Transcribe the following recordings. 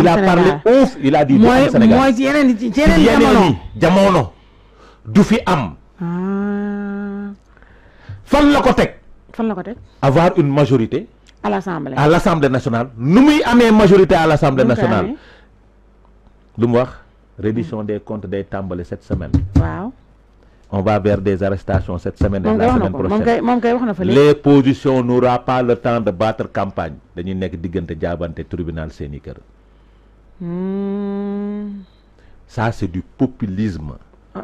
il a parlé ouf il a dit. du moi, Sénégal mooy ci yeneen ci yeneen jamono jamono du fi am. Ah. fan la ko teg. fan la ko avoir une majorité. à l'assemblée à l'assemblée nationale Nous muy amé majorité à l'assemblée nationale. lu mu wax reddition des comptes des tàmbali cette semaine. waaw. on va vers des arrestations cette semaine et la semaine prochaine les positions n'aura pas le temps de battre campagne dañuy nekk diggante jaabante tribunal seeni kër Hmm. ça c'est du populisme. Ah,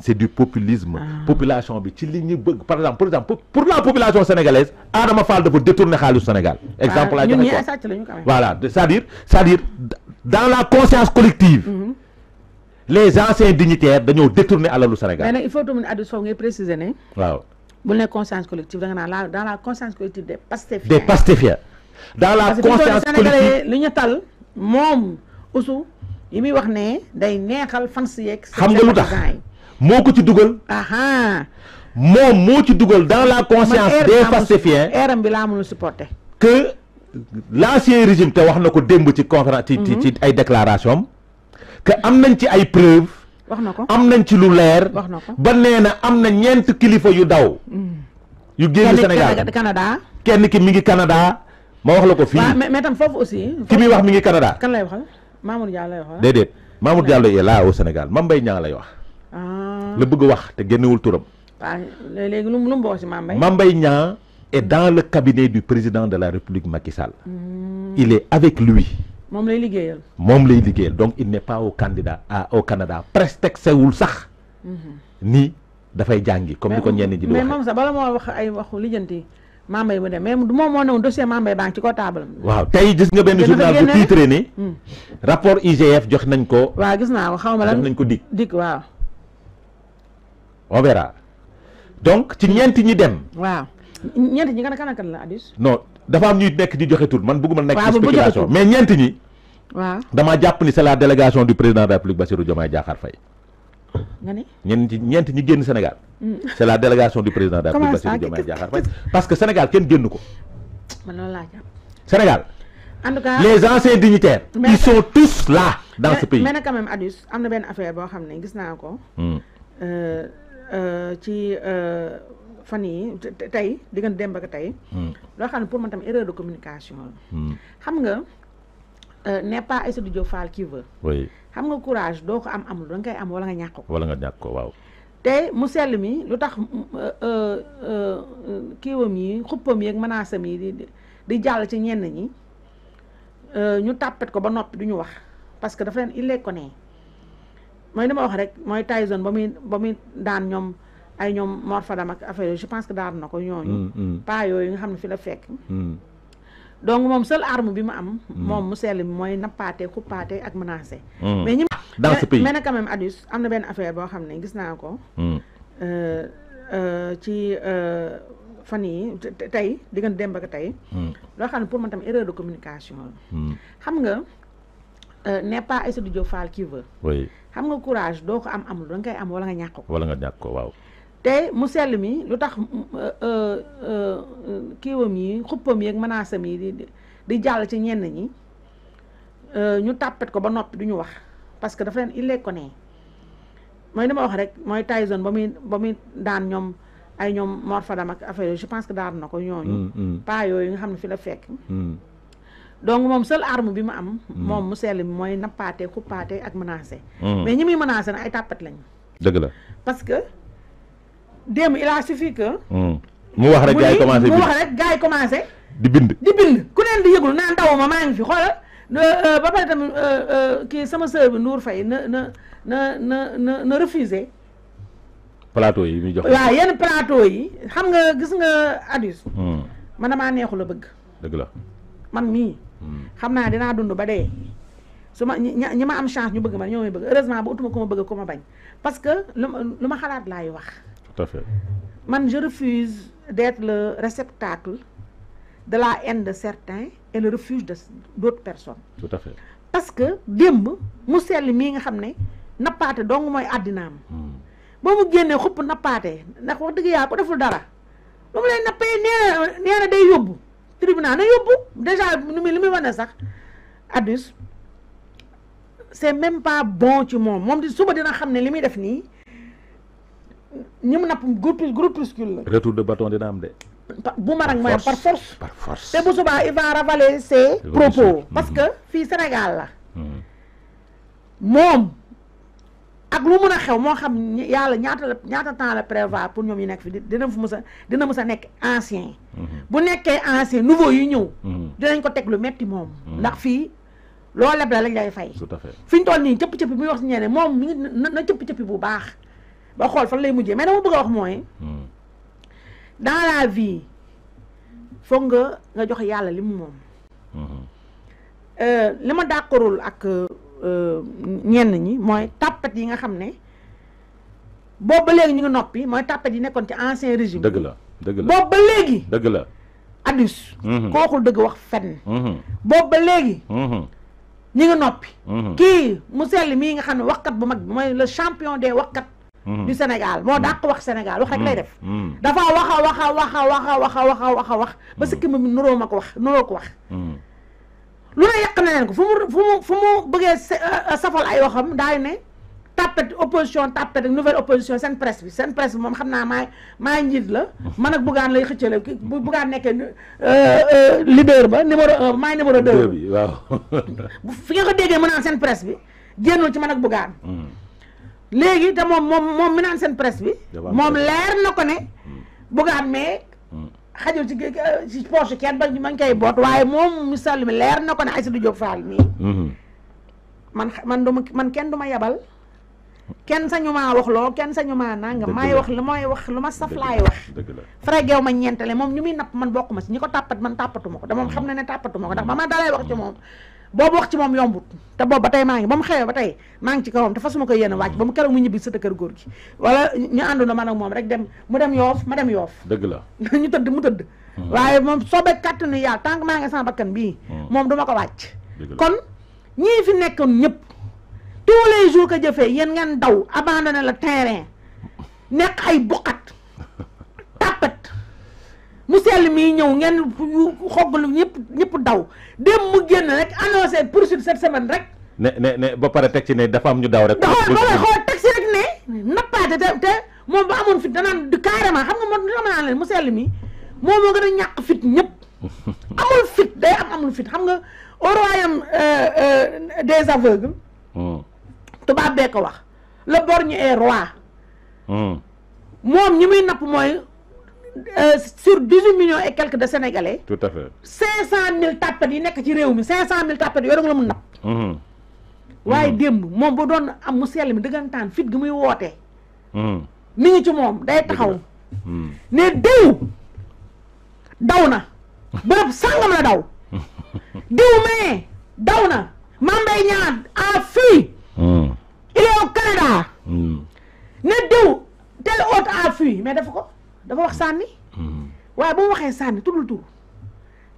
c'est du populisme. Ah. population bi par exemple par exemple pour la population sénégalaise Adama Fall dafa détourner au Sénégal. Ah, exemple laa voilà c'est-à-dire c'est-à-dire dans la conscience collective. Mhm. les anciens dignitaires dañoo détourner alalu Sénégal. mais il faut que vous ne préciser ne. waaw bu conscience collective dans la conscience collective des pastéfiens. des pastéfiens. dans la conscience politique lu ñu tal moom usu yi muy wax ne day neexal fan si xam nga lu tax moo ko ci dugal aha moom moo ci dugal dans la conscience des pacifiens eram bi laa mënul supporter que l'ancien régime te wax na ko démb ci conférence ci ci mhm. ay déclaration am que am nañ ci ay preuves wax na ko am nañ ci lu leer ba nee na am na ñeent kilifa yu daw mhm. kenn ki mi ngi Canada ma wax lako fi fii mais tam foofu aussi. ki muy wax mi ngi Canada. kan lay waxal Mamour Diallo lay waxal. dedet Mamour Diallo est la au senegal mam bay ñang lay wax. Ah. le bëgg wax te génnewul turam. légui léegi lu mu lu mu wax si Mame Mbaye. Mame Mbaye est dans le cabinet du président de la République Macky Sall. Hmm. il est avec lui. mom lay liggéeyal. mom lay liggéeyal donc il n'est pas au candidat à au Canada prétexte wul sax. Hmm. ni da fay jangi comme ni ko ñenn di waxee mais mom sax bala mo wax ay waxu lijeenti mambay mu dem mais du moom moo newoon dossier mambay baa ngi ci ko table am. waaw tey gis nga benn journal bu titré ni hmm. rapport IGF jox nañ ko. waaw gis naa ko xaw ma lan jox nañ ko dig dig waaw. on verra donc ci ñeenti ñi dem. waaw ñeenti ñi kan kan kan la Addis. non dafa am ñuy nekk di joxe man bëgguma nekk. spéculation mais ñeenti ñi. waaw damaa jàpp ni c'est la délégation du président de la République Bassirou Diomaye Diakhar nga ni ñeent ñi génn Sénégal. Mm. c' la délégation du président de la République parce que Sénégal kenn génn ko. Sénégal. en tout les anciens dignitaires. ils sont tous là dans ce pays. mais nag quand am na benn affaire boo xam ne gis naa ko. Hmm. Euh, euh, ci euh, fan yi tey diggante démb ak tey. Hmm. loo xam ne pour man tam erreur de communication la. Hmm. xam nga. Euh, n'est pas Aïssatou Diop Fall qui veut. oui xam nga courage doo ko am amul danga koy am wala nga ñàkk ko. wala nga ñàkk ko waaw. te mu sell mi lu tax euh, euh, kiiwam yi xuppam yi ak menaces yi di di jàll ci ñenn ñi ñu tàppet ko ba noppi du ñu wax parce que dafa leen il les connaît mooy li ma wax rek mooy Tyson ba muy ba muy daan ñoom ay ñoom Mor Fadam ak affaire je pense que daan na ko ñooñu. Mm, mm. pas yooyu nga xam ne fi la fekk. Mm. donc moom seul arme bi mu am. Hmm. moom mu sell mooy nappaate xuppaate ak menacer. Hmm. mais ñi dans ce pays mais nag quand am na benn affaire boo xam ne gis naa ko. Hmm. Euh, euh, ci euh, fan yi tey diggante démb ak tey. loo xam ne pour man tam erreur de communication xam nga n'est pas Aïssatou Diop Fall qui veut. xam nga courage doo ko am amul danga koy am wala nga wala nga ñàkk ko waaw. te mu sell mi lu tax mm, mm, euh, euh, euh, kiiwam mi, xuppam yi ak menaceam yi di di jàll ci ñenn ñi ñu tàppet ko ba noppi du ñu wax parce que dafa leen il les connaît mooy li ma wax rek mooy Tyson ba muy ba muy daan ñoom ay ñoom morfadam ak affaire je pense que daan na ko ñooñu mm, pas yooyu nga xam ne fi la fekk donc moom seul arme bi mu am moom mu sell mi mooy nappaate xuppaate ak menacé mais ñi muy menacé na ay tàppet lañ dëgg la parce que démb il a suffi hmm. mu wax rek gars yi commencé mu wax rek commencé. di bind di bind ku neen di yëgul naan ndaw ma maa ngi fi xoolal euh, ba pare tamit euh, euh, kii sama sœur bi Nour Faye na na na na na na yi muy jox waa yenn palaato yi xam nga gis nga addus. Hmm. man damaa neexula bëgg. dëgg la man mii. Hmm. xam naa dinaa dund ba dee. su ma ñi ma am chance ñu bëgg ma ñoo may bëgg heureusement ba utuma ko ma bëgg ko ma bañ parce que lu ma lu ma xalaat laay wax. je refuse d'être le réceptacle de la haine de certains et le refuge d'autres personnes. Tout à fait. Parce que démb mu mi nga xamné ne nappaate dong mooy àddinaam. Hmm. boo mu ne wax na day tribunal na pas déjà nous c'est même pas bon moi, suba dina n'a ne ñi mu napp groupuscule la. retour de bâton dina am de. boomerang mooy par force par force te bu subaa il va ravaler propos parce mm-hmm. que fii Sénégal la mm-hmm. moom ak lu mën a xew moo xam yàlla ñaata la ñaata temps la prévoir pour ñoom yi nekk fi dina fu mës a dina mës a nekk ancien mm-hmm. bu nekkee ancien nouveau yu ñëw dinañ ko teg lu metti moom ndax fii loo leb la lañ lay fay fi ñu toll nii cëpp-cëpp bi muy wax si ñeneen moom mi ngi na cëpp-cëpp bu baax ba xool fan lay mujjee mais dama a wax mooy. Hmm. la vie foog nga nga jox yàlla li mu moom. Hmm. Euh, li ma dàqarul ak euh, ñenn ñi mooy tàppat yi nga xam ne boobu ba léegi ñu ngi noppi mooy tàppat yi nekkoon ci ancien régime. dëgg la dëgg la boobu ba léegi. dëgg la addus. Hmm. koo waxul dëgg wax fenn. boobu ba léegi. ñi ngi noppi. kii mu sell mii nga xam ne waxkat bu mag bi mooy le champion des waxkat. Mhm. du Sénégal moo mhm. dàq wax Sénégal wax rek lay mhm. def dafa wax a wax a wax a wax a wax a wax a a ba sikki ma mi nuroo ma ko wax nuroo ko wax lu ne yàq na leen ko fu mu fu mu fu mu bëggee euh, safal ay waxam daal ne tapet opposition tapet ak nouvelle opposition seen presse bi seen presse bi moom xam naa maay maay njiit la man ak Bougane lay xëccale bu Bougane nekkee euh, euh, leader ba numéro un maay numéro deux bi waaw fi nga ko déggee mu naan seen presse bi génnul ci man ak léegi te mom mom mom mi naan presse bi. mom leer nako ko bu ga amé xajul ci euh, ci poche kenn ba ñu ngi koy boot waaye moom misaal leer nako ne Aïssatou Diop Fall mii. Hmm. man man duma man kenn duma yabal. kenn sañuma wax lo kenn sañuma nang may wax lu may wax lu ma saf lay wax. dëgg gew ma ñeentale mom ñu mi nap man bokuma ci ñiko tapat man tàppatuma ko. da moom hmm. xam na ne tàppatuma ndax ba ma dalay wax ci mom hmm. boobu wax ci moom yombut te boob ba tey maa ngi ba mu xewee ba tey maa ngi ci kawam te ma ko yéen a wàcc mm. ba mu keroog mu ñibbi sa kër góor gi wala moom rek dem mu dem yoof ma dem yoof dëgg la ñu tëdd mu tëdd mm-hmm. waaye moom soobee kàttanu yàlla tant que maa ngi sama bakkan bii mm. moom duma ko wàcc kon ñii fi nekkoon ñëpp tous les jours que jëfee yéen ngeen daw abandonné le terrain nekk ay buqat mu sell mii ñëw ngeen xoggalu ñëpp ñëpp daw dem mu génn rek annoncé poursuite cette semaine rek. ne ne ne ba pare teg ci ne dafa am ñu daw rek. dafa xool xool teg ci rek ne nappaate te te moom fit danaan du carrément xam nga moo li mu sell mii moom moo gën a ñàkk fit ñëpp. amul fit day am amul fit xam nga au royaume euh, euh, des aveugles. Hmm. tubaab bee ko wax le borgne est roi. Hmm. moom ñi muy napp mooy. Euh, sur dix-huit millions et de sénégalais. tout à cinq cent mille tapet yi nekk ci réew mi cinq cent mille tapet yooyu da la mun napp. Mm-hmm. waaye mm-hmm. démb moom bu doon am mu sell mi dëggantaan fit gi muy wootee. Mm-hmm. nit ñi ci moom day taxaw. ne diw daw na bërëb sàngam la daw. diw mais daw na Mame Mbaye Niang a fui. il est Canada. ne diw tel autre a fui mais def ko. dafa wax sànni hmm. waaye bu waxe sanni tudul tur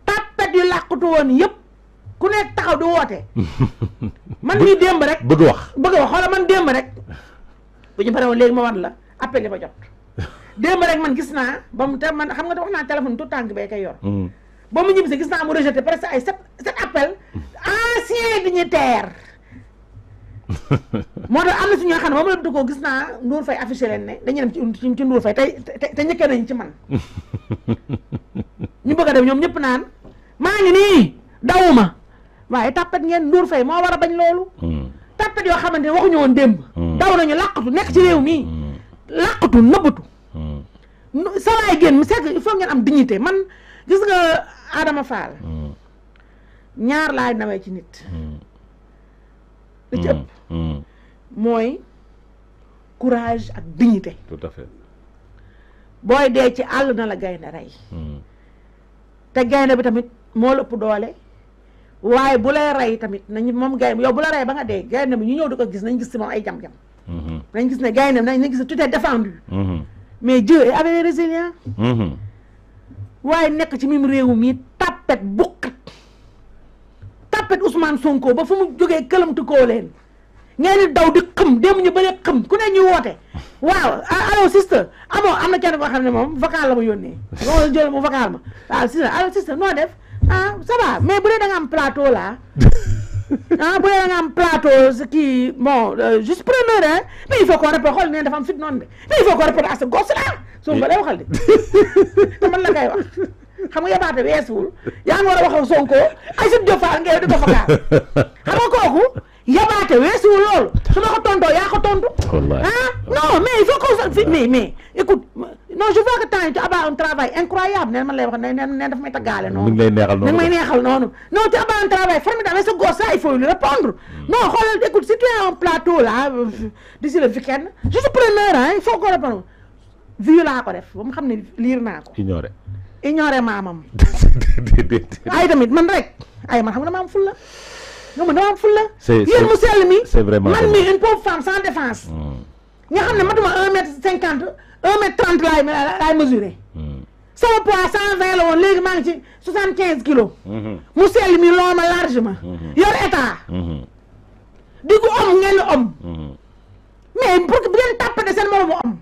tapet yu làqutu won yep ku nek taxaw du wote man ni demb rek bëgg wax bëgg wax xoola man demb rek bu ñu pare leg ma wat la appel ba jot demb rek man gis naa ba mu te man xam nga wax na telephone tout tànk bay kay yor hmm. ba mu ñibbisi gis naa mu rejeter presque ay set set appel hmm. ancien dignitaire moo tax am na si ñoo xam ne moom la du ko gis naa Ndour Faye affiché leen ne dañuy dem ci ci Ndour Faye tey te njëkkee nañ ci man ñu bëgg a dem ñoom ñëpp naan maa ngi nii dawuma waaye tàppat ngeen Ndour fay moo war a bañ loolu hmm. tàppat yoo xamante ne waxuñu woon démb hmm. daw nañu làqatu nekk ci réew mii hmm. làqatu nëbbatu sawaay génn mu que il faut ngeen am dignité man gis nga aadama Fall ñaar laay nawee ci nit li ci mm, mm. mooy courage ak dignité. tout booy dee ci àll na la gaynde rey. Mm. te gaynde bi tamit moo lëpp doole. waaye bu lay rey tamit nañu moom gaynde yow bu la rey ba nga dee gaynde bi ñu ñëw di ko gis nañ gis si moom ay jam-jam. Mm-hmm. nañ gis ne gaynde bi nañ gis ne tout est mm-hmm. mais Dieu est avec les mm-hmm. waaye nekk ci mim réew mi tapet bukkat tapet Ousmane Sonko ba fu mu jógee këlamtu koo leen ngeen di daw di xëm démb ñu bëree xëm ku ne ñu woote waaw allo sister am na kenn boo xam ne moom vocal la yoon yónnee moom jël mu vocal ma waaw sister allo def ah ça va bu dee da am plateau là ah bu dee da am plateau ce qui bon euh, juste preneur hein mais il faut qu'on répète neen dafa am fit noonu de mais il faut qu'on répète à ce gosse là soo ko lay waxal de te man la koy wax xam nga yabaate weesuwul yaa ngi war a waxaw Sonko ay sut jofaar ngeen di ko fa gaal xam nga kooku yabaate weesuwul loolu su ma ko tontoo yaa ko tontu ah non mais il faut que mais mais écoute non je vois que temps yi ci Aba ne neen neen dafa may taggaale noonu ngi may neexal noonu non ci Aba un travail formidable mais ce gosse ça il faut lui répondre hmm. non xoolal écoute si tu es plateau là euh, d'ici le week-end je suis preneur ah il faut que répondre vieux laa ko def ba mu xam ne liir naa ko ignoré maamam. ay tamit man rek ay man xam nga dama am fulla nga man dama am fulla. man mi une pauvre femme sans défense. Hmm. nga xam ne matuma un un mètre trente laay laay mesuré. Hmm. sama cent vingt la woon maa ngi ci soixante quinze kilos. Hmm. mu sell ma largement. yor état. di ko om ngeen om. mais pour que bu ngeen tàppate seen moromu om.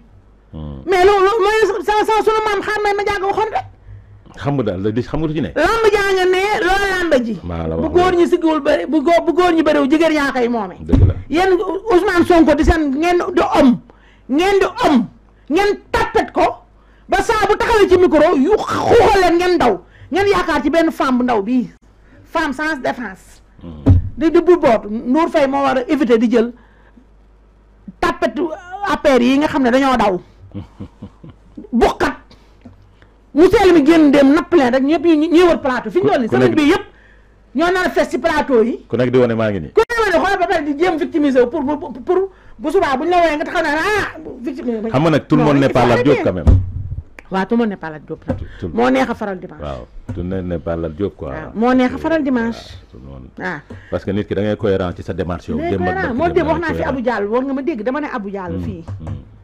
mais loolu mooy sama sama sunu maam xaar may xam nga daal di xam nga ci ne lamb jaa ji bu góor ñi sigul bëri bu góor bu góor ñi bëriw jigéen yaa koy moome dëgg la yéen Ousmane Sonko di seen ngeen di om di om ngeen tappet ko ba saa bu taxawee ci micro yu xuuxaleen sans défense mm. di di bu boot Nour Faye moo war a éviter di jël tappet affaire mu seetlu mi génn dem napp leen rek ñuy wër plateau fi ñu doon nii semaine bi yëpp ñoo nar a fees ci plateau yi ku nekk di wane maa ngi nii ku nekk di wane xoolal ba pare di jéem victimiser wu pour pour bu subaa bu ñu la wooyee nga taxaw naa ah victimiser xam nga nag tout le monde n'est pas Lat Diop quand même waaw tout le monde n'est pas moo neex a faral dimanche waaw tout le monde n'est pas Lat Diop moo neex a faral dimanche waaw ah. parce que nit ki da ngay cohérent ci sa démarche yow moo dem wax naa fi Abou Diallo nga ma dégg dama ne Abou Diallo hmm, fii hmm.